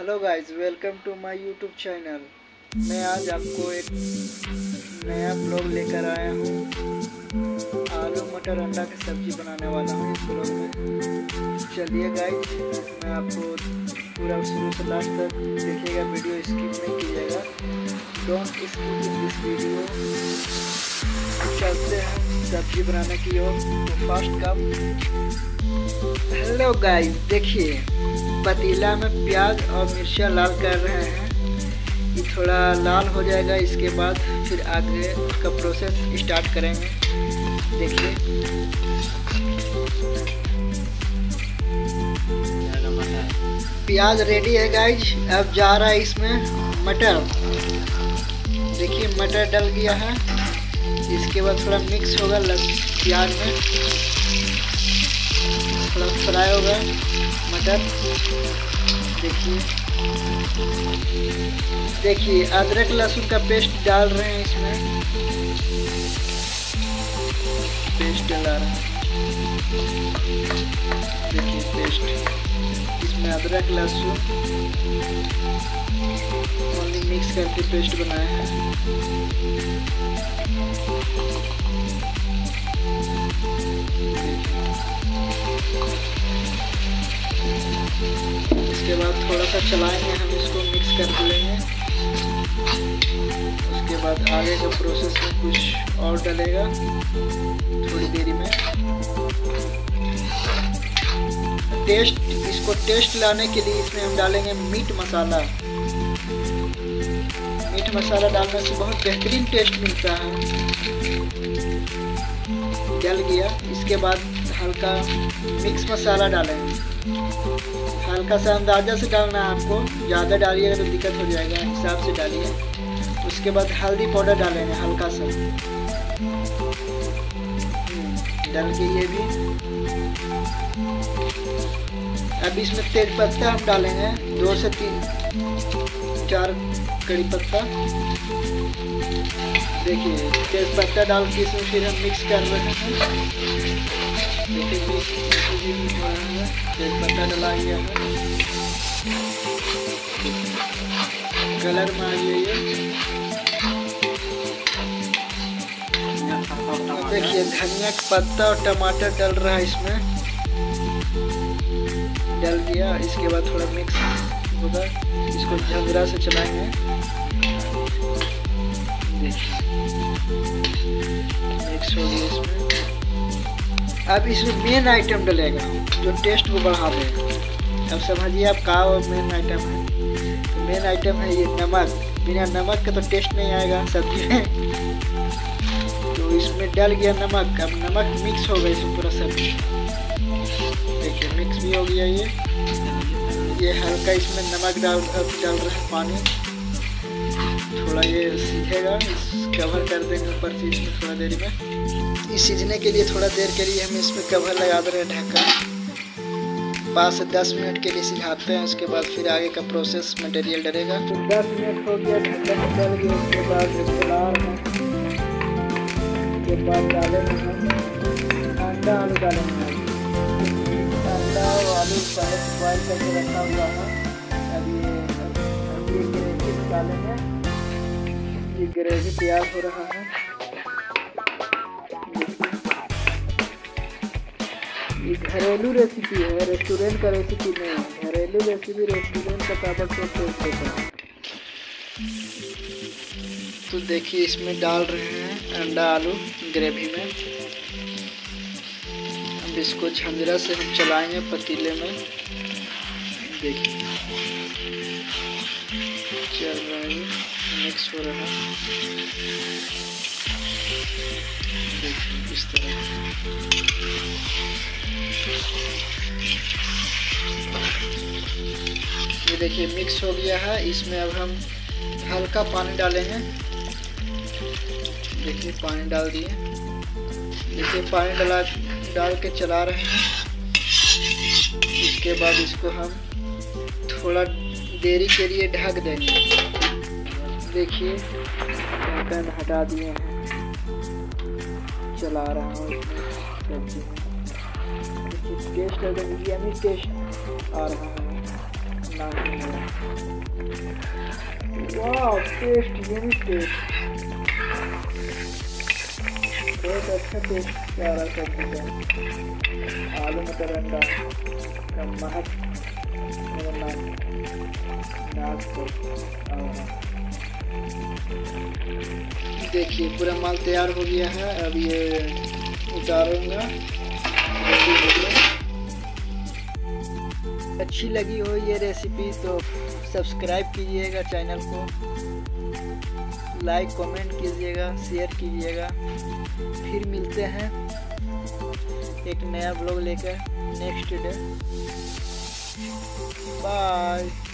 hello guys welcome to my YouTube channel मैं आज आपको एक नया ब्लॉग लेकर आया हूँ आलू मटर अंडा की सब्जी बनाने वाला हूँ इस ब्लॉग में चलिए गाइस मैं आपको पूरा शुरू से लास्ट तक देखिएगा वीडियो स्किप नहीं कीजिएगा डोंट स्किप दिस वीडियो चलते हैं सब्जी बनाने की ओर तो फास्ट कम हेलो गाइस देखिए पतीला में प्याज और मिर्चा लाल कर रहे हैं ये थोड़ा लाल हो जाएगा इसके बाद फिर आगे उसका प्रोसेस स्टार्ट करेंगे देखिए प्याज रेडी है गाइज अब जा रहा है इसमें मटर देखिए मटर डल गया है इसके बाद थोड़ा मिक्स होगा लग प्याज में थोड़ा फ्राई हो गए मटर देखिए देखिए अदरक लहसुन का पेस्ट डाल रहे हैं इसमें पेस्ट डाला रहे हैं देखिए पेस्ट इसमें अदरक लहसुन ओनली मिक्स करके पेस्ट बनाया है इसके बाद थोड़ा सा चलाएंगे हम इसको मिक्स कर लेंगे उसके बाद आगे का प्रोसेस में कुछ और डलेगा थोड़ी देरी में टेस्ट इसको टेस्ट लाने के लिए इसमें हम डालेंगे मीट मसाला मीट मसाला डालने से बहुत बेहतरीन टेस्ट मिलता है जल गया इसके बाद हल्का मिक्स मसाला डालेंगे हल्का सा अंदाजा से डालना है आपको ज़्यादा डालिएगा तो दिक्कत हो जाएगा हिसाब से डालिए उसके बाद हल्दी पाउडर डालेंगे हल्का सा हम्म, डाल के ये भी अब इसमें तेज पत्ता हम डालेंगे दो से तीन चार कड़ी पत्ता देखिए तेज पत्ता डाल के इसमें फिर हम मिक्स कर रहे हैं कलर देखिए धनिया का पत्ता और टमाटर डल रहा है इसमें डल दिया इसके बाद थोड़ा मिक्स होगा इसको झंझरा से चलाएंगे देखिए मिक्स हो गया इसमें अब इसमें मेन आइटम डलेगा जो टेस्ट को बढ़ा देगा अब समझिए आप का मेन आइटम है तो मेन आइटम है ये नमक बिना नमक का तो टेस्ट नहीं आएगा सब्जी में तो इसमें डल गया नमक अब नमक मिक्स हो गया इसमें पूरा सब्जी देखिए मिक्स भी हो गया ये ये हल्का इसमें नमक डाल डाल रहा है पानी थोड़ा ये सीखेगा कवर कर देंगे ऊपर से इसमें थोड़ा देर में इस सीझने के लिए थोड़ा देर के लिए हम इसमें कवर लगा दे रहे हैं ढक्कन पाँच से दस मिनट के लिए सिखाते हैं उसके बाद फिर आगे का प्रोसेस मटेरियल डरेगा तो दस मिनट हो गया ढक्कन निकल गया उसके बाद उसके बाद डालेंगे हम अंडा आलू डालेंगे अंडा और आलू पहले करके रखा हुआ है अभी ये डालेंगे ये ग्रेवी तैयार हो रहा है ये घरेलू रेसिपी है रेस्टोरेंट का रेसिपी नहीं है घरेलू रेसिपी रेस्टोरेंट का ताबक से टेस्ट देता है तो देखिए इसमें डाल रहे हैं अंडा आलू ग्रेवी में अब इसको झंझरा से हम चलाएंगे पतीले में देखिए चल रहा है मिक्स हो रहा है इस तरह ये देखिए मिक्स हो गया है इसमें अब हम हल्का पानी डाले हैं देखिए पानी डाल दिए देखिए पानी डाला डाल के चला रहे हैं इसके बाद इसको हम थोड़ा देरी के लिए ढक देंगे देखिए ढक्कन हटा दिए हैं चला रहा हूँ टेस्ट तो आ रहा है वाह टेस्ट टेस्ट बहुत अच्छा टेस्ट आ रहा सब्जी का आलू मटर अंडा का महत्व देखिए पूरा माल तैयार हो गया है अब ये उतारूंगा अच्छी लगी हो ये रेसिपी तो सब्सक्राइब कीजिएगा चैनल को लाइक कमेंट कीजिएगा शेयर कीजिएगा फिर मिलते हैं एक नया ब्लॉग लेकर नेक्स्ट डे बाय